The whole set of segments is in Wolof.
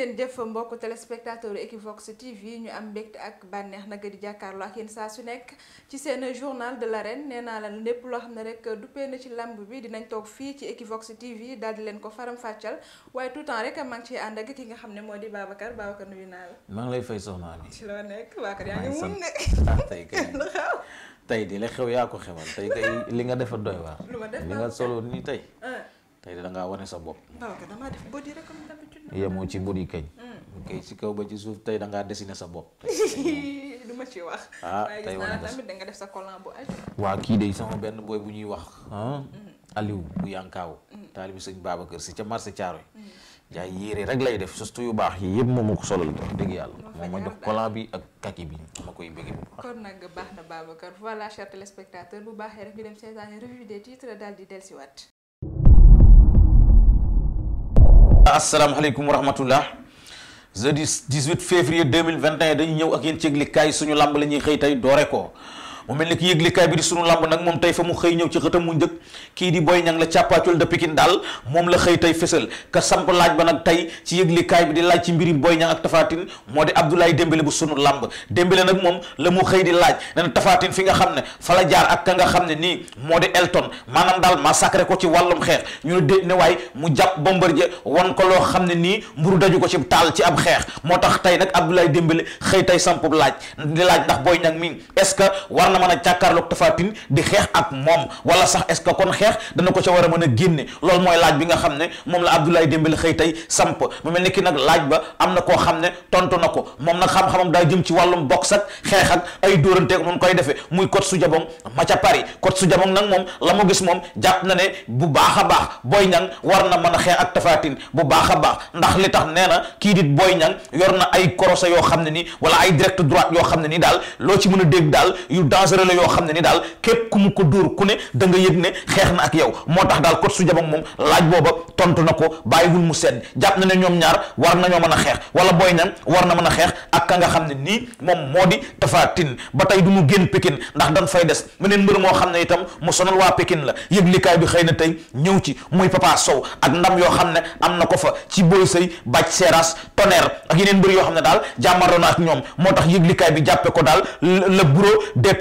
ngeen jëf mbokk téléspectateur Equivox TV ñu am mbégte ak bànneex nag di jàkkaarloo ak yéen saa su nekk ci seen journal de l'arène nee naa la lépp loo xam ne rek duppee na ci lamb bi dinañ toog fii ci Equivox TV daal di leen ko faram-fàccal waaye tout temps rek maa ngi ciy ànd ak ki nga xam ne moo di Babacar Babacar nuyu naa la. maa lay fay soxna Ami. ci loo nekk Babacar yaa ngi mun ah, di la xew yaa ko xewal tey li nga defa doy nga solo nii tey. Ah. tey da ngaa wane sa bopp. damaa def ci body kañ. kay ci kaw ba ci suuf tey da ngaa dessiné sa bopp. du ma ci wax. ah tey wane nga tamit sa collant waa kii de sama benn booy bu ñuy wax. Hmm. Aliou bu Yankaaw. Hmm. taalibi sëñ Babacar si ca marché Thiaroye. Hmm. jaay yére eh, rek lay def surtout yu baax yi yëpp moom moo ko solal wax dëgg yàlla moom ma jox collant bi ak eh, kaki bi ma koy bëgg bu baax kon nag baax na Babacar voilà chers téléspectateurs bu baaxee rek ñu dem seetaani revue des titres daal di dellusiwaat asalaamaaleykum wa rahmatullah jeudi 18 février 2021 dañu ñëw ak yéen ci yëglikaay suñu làmb la ñuy xëy tey doore ko mu mel ni ki yëglikaay bi di sunu làmb nag moom tey fa mu xëy ñëw ci xëtam mu njëkk kii di Boy Niang la càppaacul daal moom la xëy tay fësal ka samp laaj ba nag tey ci yëglikaay bi di laaj ci mbiri Boy Niang ak Tapha Tine moo di Abdoulaye Dembélé bu sunu làmb Dembélé nag moom la mu xëy di laaj ne na Tapha Tine fi nga xam ne fa la jaar ak nga xam ne nii moo di Elton maanaam daal massacré ko ci wàllum xeex ñu ne ne waay mu jàpp Bombardier wan ko loo xam ne nii mburu daju ko ci taal ci ab xeex moo tax tey nag Abdoulaye Dembélé xëy tey samp laaj di laaj ndax Boy Niang mi est-ce war na mën a jàkkaarloog Tapha a mën a génne loolu mooy laaj bi nga xam ne moom la Abdoulaye Dembélé xëy tey samp mu mel ni ki nag na koo xam ne tontu na ko moom nag xam-xamam daa jëm ci wàllum box ak xeex ak ay dóoranteeg mun su jabong ma ca Paris coach su jabong nag moom la mu gis moom jàpp na ne bu baax a baax booy Niang war na mën a xeex ak Tapha Tine bu baax a baax ndax li tax nee na kii dit Boy Niang yor na ay korosé yoo xam ne nii wala ay direct droite yoo xam ne nii daal loo ci mën a dégg daal yu dangereux la yoo xam ne ni daal képp ku mu ko dóor ku ne da nga yëg ne xeex na ak yow moo tax daal kot su jabang moom laaj booba tontu na ko bàyyiwul mu sedd jàpp na ne ñoom ñaar war nañoo mën a xeex wala booy ñam war na mën a xeex ak ka nga xam ne nii moom moo di tin ba tey du mu génn Pikine ndax dan fay des meneen mbër moo xam ne itam mu sonal waa Pikine la yëglikaay bi xëy na tey ñëw ci muy Papa Sow ak ndam yoo xam ne am na ko fa ci Boy Sey Bac Seras Tonnerre ak yeneen mbër yoo xam ne daal jàmmarloo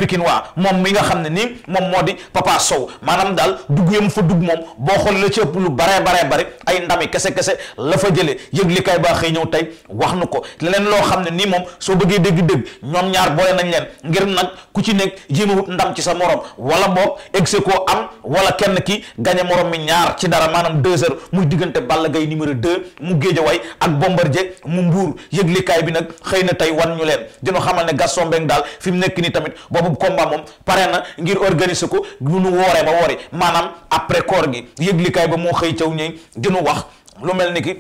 Pikine waa moom mi nga xam ne nii moom moo di Papa Sow maanaam daal dugg yam fa dugg moom boo xool la ci ëpp lu baree baree bare ay ndami kese kese la fa jëlee yëglikaay baa xëy ñëw tey wax nu ko leneen loo xam ne nii moom soo bëggee dégg-dégg ñoom ñaar boole nañ leen ngir nag ku ci nekk jéem a wut ndam ci sa morom wala boog egsi koo am wala kenn ki gañe morom mi ñaar ci dara maanaam deux heures muy diggante Balla Gaye numéro deux mu Géejawaay ak Bombardier mu Mbuur yëglikaay bi nag xëy na tey wan ñu leen dina xamal ne Gaston Mbengue daal fi nekk nii tamit boobu combat moom pare na ngir organiser ko lu nu wooree ba woori maanaam après koor gi yëglikaay ba moo xëy caw ñëw dinu wax lu mel ni ki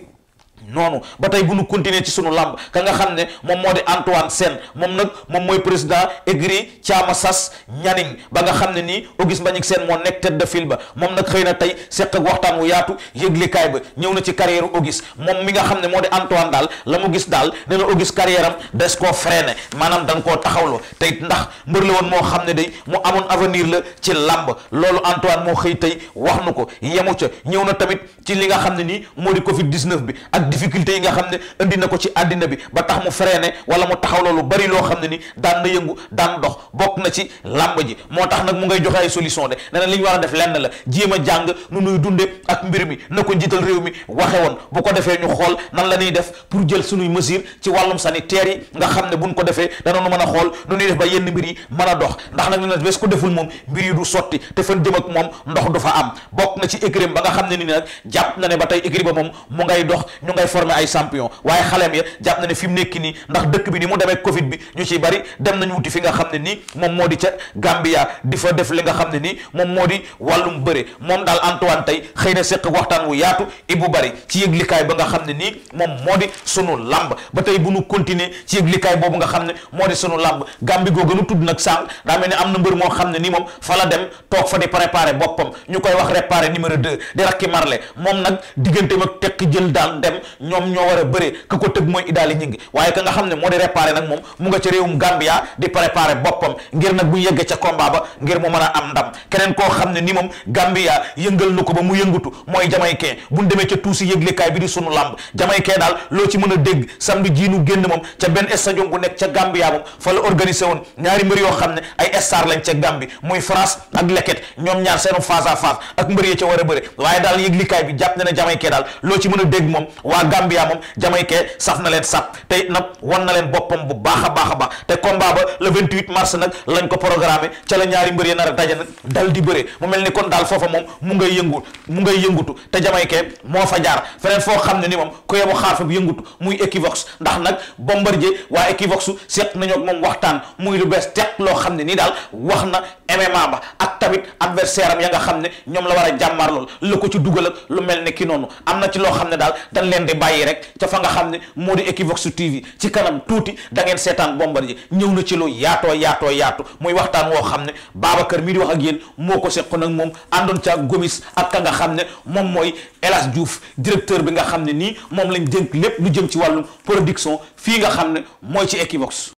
noonu ba tey bu nu continuer ci sunu làmb ka nga xam ne moom moo di Antoine seen moom nag moom mooy président écurie Thiama sas Nianing ba nga xam ne nii Auguste Mbagnick Sène moo nekk tête de file ba moom nag xëy na tey seq waxtaan wu yaatu yëglekaay ba ñëw na ci carrière Auguste moom mi nga xam ne moo di Antoine daal la mu gis daal nee na Auguste carrière des koo freiné maanaam da nga koo taxawloo tey ndax mbër la woon moo xam ne day mu amoon avenir la ci làmb loolu Antoine moo xëy tey wax nu ko yemu ca ñëw na tamit ci li nga xam ne nii moo di Covid 19 bi ak ak difficulté yi nga xam ne indi na ko ci àddina bi ba tax mu freiné wala mu taxaw loolu bari loo xam ne ni daan na yëngu daan dox bokk na ci làmb ji moo tax nag mu ngay joxe ay solution de nee na li ñu war a def lenn la jéem a jàng nu nuy dunde ak mbir mi na ko njiital réew mi waxe woon bu ko defee ñu xool nan la ñuy def pour jël sunuy mesure ci wàllum sanitaire yi nga xam ne bu buñ ko defee danañu mën a xool nu ñuy def ba yenn mbir yi mën a dox ndax nag nee na bés moom mbir yi du sotti te ak moom ndox du am bokk na ci écrim ba nga xam ne ni nag jàpp na ne ba tey écrim ba moom mu ngay dox day former ay champion waaye xaleem ya jàpp na ne fi mu nekk nii ndax dëkk bi ni mu demee Covid bi ñu ci bari dem nañu wuti fi nga xam ne nii moom moo di ca Gambia def li nga xam ne nii moom moo di wàllum bëre moom daal Antoine tey xëy na seq waxtaan wu yaatu Ibou Bari ci yëglikaay ba nga xam ne nii moom moo di sunu lamb ba tey bu nu continuer ci yëglikaay boobu nga xam ne moo di sunu lamb Gambie googu nu tudd nag sànq daa mel ne am na mbër moo xam ne nii moom fa la dem toog fa di préparer boppam ñu koy wax réparer numéro 2 di rakki marle moom nag digganteem ak tekk jël daal dem ñoom ñoo war a bëre ka ko tëgg mooy Idaali Ñingi waaye ka xam ne moo di réparé nag moom mu nga ca réewum Gambia di préparé boppam ngir nag bu ba ngir mu mën a am ndam keneen koo xam ne ni moom Gambia yëngal na ko ba mu yëngutu mooy jamaïcain bu ñu demee ca tuusi yëglekaay bi di sunu lamb jamaïcain daal loo ci mën a dégg samedi jii nu génn moom ca benn stadion bu nekk ca Gambia moom organisé woon ñaari mbër yoo xam ne ay star lañ ca Gambie muy France ak Leket ñoom ñaar seenu face à face ak mbër ya ca war a bëre waaye daal yëglekaay bi jàpp na ne jamaïcain daal loo ci mën a dégg moom waa Gambia moom Jamaïcain saf na leen sap te it nag wan na leen boppam bu baax a baax a baax te combat ba le 28 mars nag lañ ko programmé ca la ñaari mbër yi nar a daje nag dal di bëre mu mel ni kon daal foofa moom mu ngay yëngu mu ngay yëngutu te Jamaïcain moo fa jaar feneen foo xam ne ni moom ku yebu xaar fa bu yëngutu muy Equivox ndax nag Bombardier waa Equivox seet nañu ak moom waxtaan muy lu bees teq loo xam ne nii daal wax na MMA ba ak tamit adversaire am ya nga xam ne ñoom la war a jàmmaar ko ci dugal ak lu mel ni ki noonu di bàyyi rek ca fa nga xam ne moo di Equivox TV ci kanam tuuti da ngeen seetaan Bombardier ñëw na ci lu yaatoo yaatoo yaatu mooy waxtaan woo xam ne Babacar mi di wax ak yéen moo ko seqoon ak moom àndoon ca Gomis ak ka nga xam ne moom mooy El Hadj directeur bi nga xam ne nii moom lañ dénk lépp lu jëm ci wàllum production fii nga xam ne mooy ci Equivox.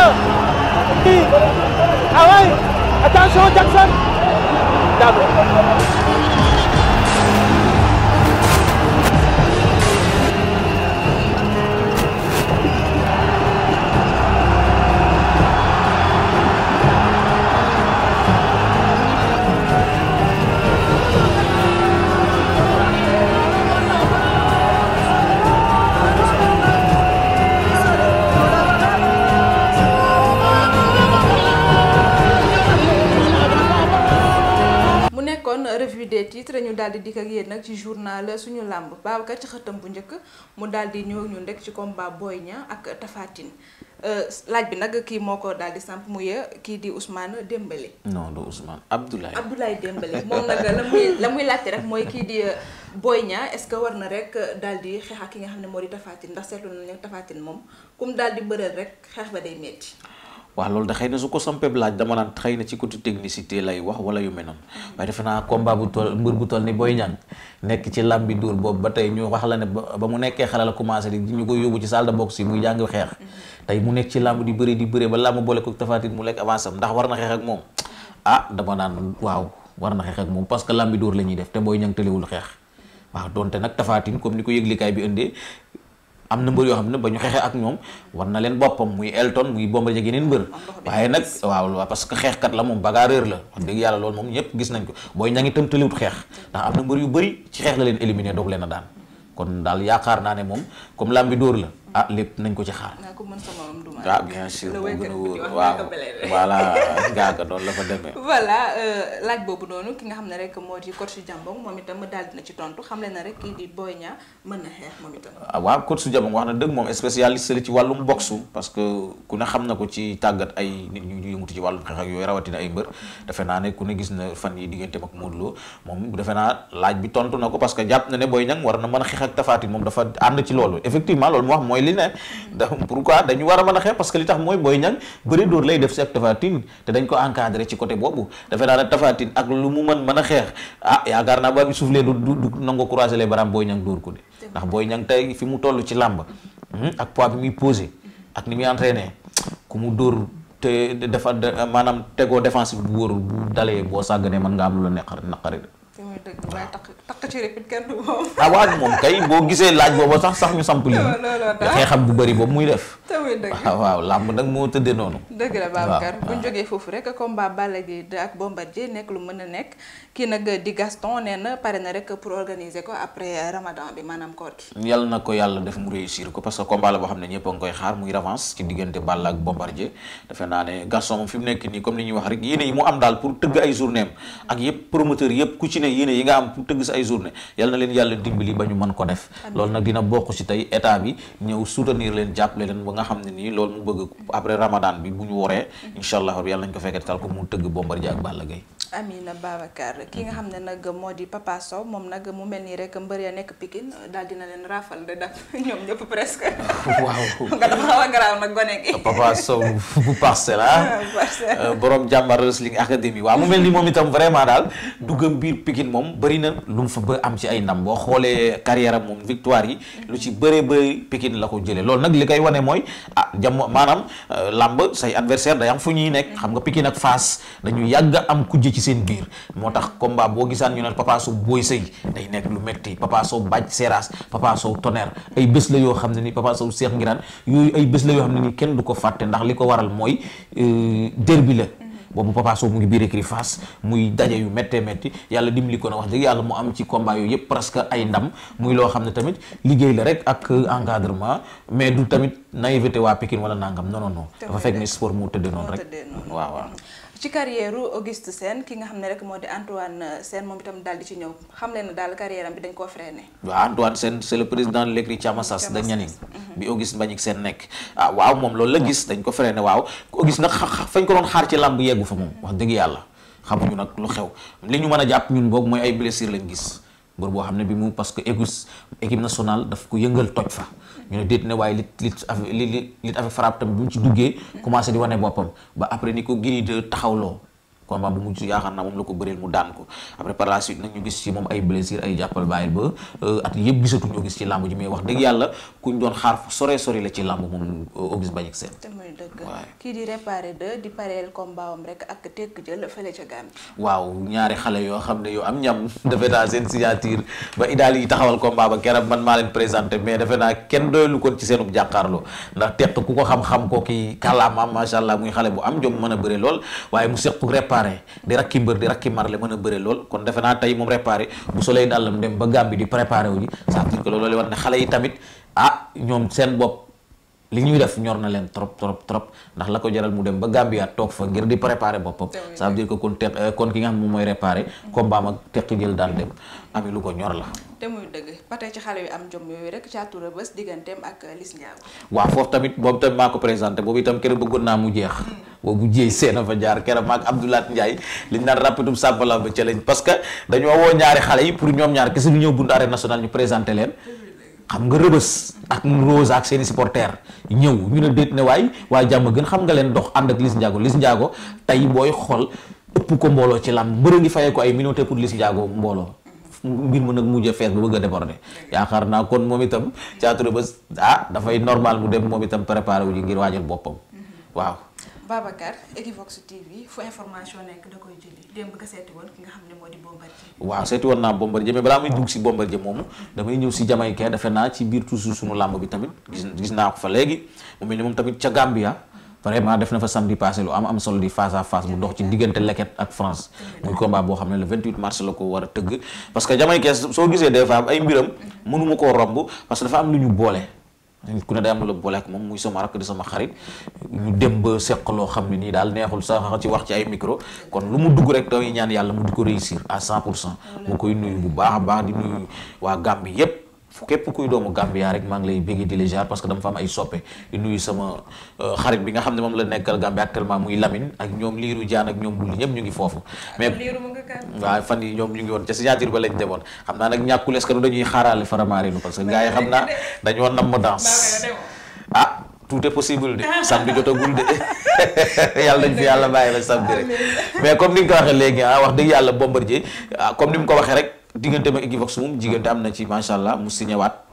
na kii ah oui attention Jackson daanu titre ñu daal di dikk yéen nag ci journal suñu làmb Babacar ci xëtam bu njëkk mu daal di ñëw ñun rek ci combat Boy ña ak tafaatin Tine euh, laaj bi nag kii moo ko daal di samp mu ye kii di Ousmane Dembélé. non du Ousmane Abdoulaye. Abdoulaye Dembélé moom nag la muy la muy laajte rek mooy kii di euh, Boy Niang est-ce que war na rek daal di xeex ak ki nga xam ne moo di Tapha ndax seetlu nañu Tapha Tine moom kum daal di bëreel rek xeex ba day metti waaw loolu da xëy na su ko sampeb laaj dama naan xëy na ci côté technicité lay wax wala yu mel noonu waaye defe naa combat mbër bu toll ni Boy Niang nekk ci làmbi dóor boobu ba tey ñu wax la ne ba mu nekkee xale la commencé di ñu ko yóbbu ci salle de boxe yi muy jàng xeex tey mu nekk ci làmb di bëri di bëri ba làmb boole ko tafaatit mu lekk avance ndax war na xeex ak moom ah dama naan waaw war na xeex ak moom parce que làmbi dóor la ñuy def te Boy Niang tëlewul xeex waaw donte nag tafaatin comme ko bi indee am na mbër yoo xam ne ba ñu xeexee ak ñoom war na leen boppam muy Elton muy Bombardier yeneen mbër waaye nag waaw parce que xeexkat la moom bagarreur la wax dëgg yàlla loolu moom ñëpp gis nañ ko booy ña ngi tëmtaliwut xeex ndax am na mbër yu bëri ci xeex la leen éliminer doog leen a daan kon daal yaakaar naa ne moom comme lambi dóor la ah lépp nañ ko ci xaar. Ah, a wóor waaw voilà gaaga la fa demee. voilà euh, laaj boobu ki nga xam ne rek moo di coach Jambong moom itam daal dina ci xam leen na rek kii di Boy Niang mën na xeex moom itam. Ah, na dëgg moom ko ci tàggat ay nit ñu yëngutu ci wàllum na fan yi digganteem ak Modou laaj bi tontu na ko parce que jàpp na ne Boy Niang war na mën a xeex ak Tapha Tine moom dafa ànd ci loolu effectivement loolu mu mooy mooy li ne donc pourquoi dañu war a mën a xeex parce que li tax mooy Boy Niang bëri dóor lay def si ak Tapha te dañ ko encadré ci côté boobu dafay daal Tapha Tine ak lu mu mën mën a xeex ah yaakaar naa ba bi suuflee du du nango croiser les bras booy Niang dóor ko de ndax Boy Niang tey fi mu tollu ci làmb hmm, ak poids bi muy posé ak ni muy entraîné ku mu dóor te dafa maanaam tegoo défense bu wóorul bu dalee boo sàgganee mën nga am lu la naqari naqari dëgg waaye takk ci répit kenn du moom bu muy def tamit dëgg waaw ah, waaw làmb nag moo tëddee noonu dëgg la Babacar bu ñu jógee foofu rek combat Balla Gaye lu mën a nekk kii nag di Gaston nee na pare na rek pour ko yàlla def mu réussir ko parce que combat la boo xam ne ñëpp koy xaar muy revanche ci diggante Balla ak Bombardier defe naa ne Gaston moom fi mu nekk nii comme ni ñuy wax rek yéene yi mu am daal pour tëgg ay journée ak yëpp promoteur yëpp ku yi nga am pour tëgg sa ay journée yal na leen yàlla dimbali ba ñu mën ko def loolu nag dina bokk si tey état bi ñëw soutenir leen jàppale leen ba nga xam ne nii lool mu bëgg après ramadan bi bu ñu woree incha allah yàlla nañ ko fekkee tal ko mu tëgg Bombardier ak Balla Gaye Amina Babacar ki nga mhm. xam ne nag moo di Papa Sow moom nag mu mel nii rek mbër ya nekk Pikine daal dina leen raafal de daf ñoom ñëpp presque. waaw nga dafa xaw a garaaw nag gone gi. Papa Sow bu parcelle ah. Euh, borom jàmbar wrestling academy waaw mu mel ni moom itam vraiment daal duggam biir Pikine moom bëri na lu mu fa ba am ci ay ndam boo xoolee carrière am moom victoire yi. lu ci bëree bëri pikin la ko jëlee loolu nag li kay wane mooy ah jam maanaam euh, làmb say adversaire day am fu ñuy nekk mm. xam nga Pikine ak Fass dañuy yàgg am kujje ci ci seen biir moo tax combat boo gisaan ñu ne Papa Sow Boy Sey nekk lu metti Papa Baaj Seras Papa Sow ay bés la yoo xam ne ni Papa Sow Cheikh Ngiraan yooyu kenn du ko fàtte ndax li ko waral mooy euh, derby la mm-hmm. boobu Papa Sow mu ngi biir écurie Fass muy daje yu mettee métti yàlla dimbali ko na wax dëgg yàlla mu am ci combat yooyu yëpp presque ay ndam muy loo xam ne tamit liggéey la rek ak euh, encadrement mais du tamit naïveté waa Pikine wala nangam non non non noonu rek ci carrière Auguste Sène ki nga xam ne rek moo di Antoine Sène moom itam daal di ci ñëw xam leen ne daal carrière am bi dañ koo freiné. waaw Antoine Sène c'est le président de l'écurie Thiamassas de Nianing mhm. bi Auguste Mbagnick Sène nekk ah waaw moom loolu la gis dañ ko freiné waaw Auguste nag fañ ko doon xaar ci làmb yeggu fa moom wax dëgg yàlla xamuñu nag lu xew li ñu mën a jàpp ñun boog mooy ay blessure lañ gis góor boo xam ne bi mu parce que égus équipe nationale daf ko yëngal toj fa ñu ne déet ne waaye lit lit li lit avec frappe mu ci duggee commencé di wane boppam ba après ni ko Guinée de taxawloo combat bu la ko bëreel mu daan ko la suite nag ñu gis ci moom euh, la ci làmb moom euh, Auguste Mbagnick Sène te muy dëgg kii di réparé de di pareel combat rek ak tekk jël fële ca Gambie waaw ñaari xale yoo xam ne yoo am ñam defe naa seen signature ba idaal yi taxawal combat ba keroog man maa leen présenté mais defe naa kenn doylu kon ci seenub jàkkaarloo ndax tekk ku ko xam-xam ko ki kàllaamaam macha allah muy xale bu am jom mën a bëre lool waaye mu seq réparé parrain di rakki mbër di rakki marle mën a bëre lool kon defe naa tey moom réparé bu soleil dàllam dem ba Gambie di préparé wu ji ça veut dire que loolu lay war ne xale yi tamit ah ñoom seen bopp li ñuy def ñor na leen trop trop trop ndax la ko jaral mu dem ba Gambia toog fa ngir di préparer boppam ça veut dire que kon teq euh, kon ki nga xam moom mooy réparer combat mag teqi jël daan dem ami lu ko ñor la te muy dëgg ba tey ci xale yu am jom yooyu rek Thiatou Rebeuss digganteem ak euh, Liss Ndiago waaw foofu tamit ko présenté boobu itam keroog bëggoon naa mu jeex hmm. boobu jéey seena fa jaar keroog maag Abdoulaat Ndiaye li ñu naan rapitum sàbbala ba ca lañ parce que dañoo woo ñaari xale yi pour ñoom ñaar kese ñu ñëw bundaare national ñu présenté leen hmm. xam nga rëbës ak rose ak seeni supporters ñëw ñu ne déet ne waay waaye jàmm gën xam nga leen dox ànd ak lis Ndiago Liss Ndiago tey booy xool ëpp ko mbooloo ci lam mbër ngi fayee ko ay millions pour Liss Ndiago mbooloo mbir mu nag mujj fees ba bëgg a déborder yaakaar naa kon moom itam caatu ba ah dafay normal mu dem moom itam préparé wu ji ngir waajal boppam waaw waa Equivox TV fu information nekk da seeti woon ki nga xam ne moo di Bombardier. waaw seeti woon naa Bombardier mais balaa muy dugg si Bombardier moomu damay ñëw si Jamaïcain defe naa ci biir toujours sunu làmb bi tamit gis gis naa ko fa léegi mu moom tamit ca Gambia. vraiment def na fa samedi passé lu am am solo di face à face mu dox ci diggante leket ak France muy combat boo xam ne la 28 mars la ko war a tëgg parce que Jamaïcain soo gisee des fois ay mbiram mënuma koo romb parce que dafa am lu ñu boole. nit ku ne day am la boole ak moom muy sama rakk di sama xarit ñu dem ba seq loo xam ne nii daal neexul sax ci wax ci ay micro kon lu mu dugg rek dooy ñaan yàlla mu di ko réussir à cent pour cent mu koy nuyu bu baax a baax di nuyu waa Gambie yépp fu képp kuy doomu Gambia rek maa ngi lay bégg di la jaar parce que dama fa ay soppe nuyu sama euh, xarit bi nga xam ne moom la nekkal Gambia actuellement muy Lamine ak ñoom Liiru Jaan ak ñoom Buli ñëpp ñu ngi foofu. mais waaw fan yi ñoom ñu ngi woon ca signature ba lañ demoon xam naa nag ñàkkul est-ce que dañuy xaarale faramaare parce que gars yi xam naa dañoo nam ma danse ah tout est possible de samedi jotagul de yàlla dañ fi yàlla bàyyi la samedi rek mais comme ni nga ko waxee ah, wax dëgg yàlla Bombardier ah, comme ni mu ko waxee rek diggante ma Equivox moom diggante am na ci macha allah mu signé waat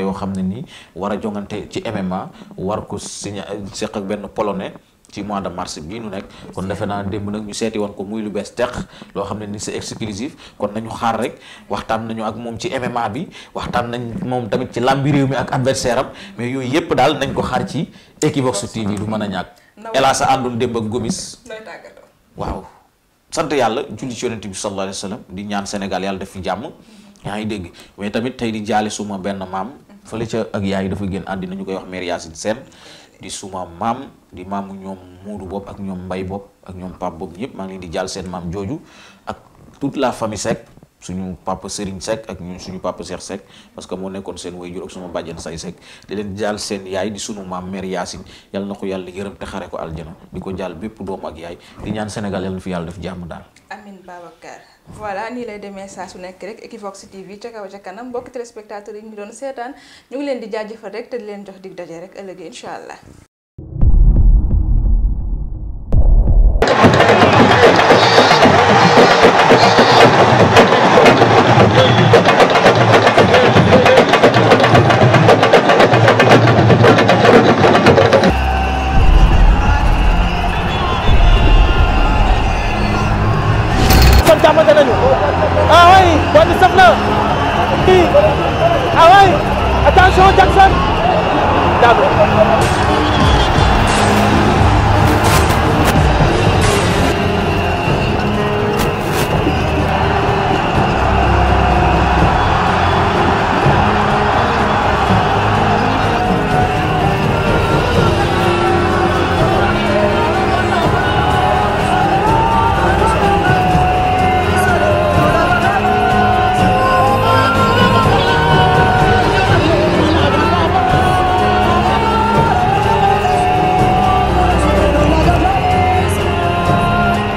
yoo xam ne nii war a jongante ci MMA war ko signé seq ak benn polonais ci mois de mars bii nu nekk kon defe naa démb nag ñu seeti woon ko muy lu bees teq loo xam ne ni c'est exclusif kon nañu xaar rek waxtaan nañu ak moom ci MMA bi waxtaan nañ moom tamit ci làmbi réew mi ak adversaire am mais yooyu yépp daal nañ ko xaar ci Equivox TV du mën a ñàkk. sa àndoon démb ak Gomis. waaw. sant yàlla julli ci yonent bi sallallahu alayhi wa di ñaan Sénégal yàlla def fi jàmm yaa ngi dégg mais tamit tey di jaale suma benn maam fële ca ak yaay dafa génn àddina ñu koy wax mère Yacine Sène di suma maam di maamu ñoom muudu bopp ak ñoom mbay bopp ak ñoom pap bopp ñëpp maa ngi leen di jaal seen maam jooju ak tout la famille Seck suñu papa Serigne Seck ak ñun suñu papa Cheikh Seck parce que moo nekkoon seen wayjur ak suma bàjjen say Seck di leen jaal seen yaay di sunu maam mère Yacine yal na ko yàlla yërëm te xare ko aljana di ko jàll bépp doom ak yaay di ñaan Sénégal yal na fi yàlla def jàmm daal. Amin Babacar voilà nii lay demee saa su nekk rek Equivox TV ca kaw ca kanam mbokki téléspectateurs yi ñu doon seetaan ñu ngi leen di jaajëfal rek te leen jox dig daje rek ëllëgee incha allah. xamante nañu ah oui bon saf na kii ah oui attention Jackson d'accord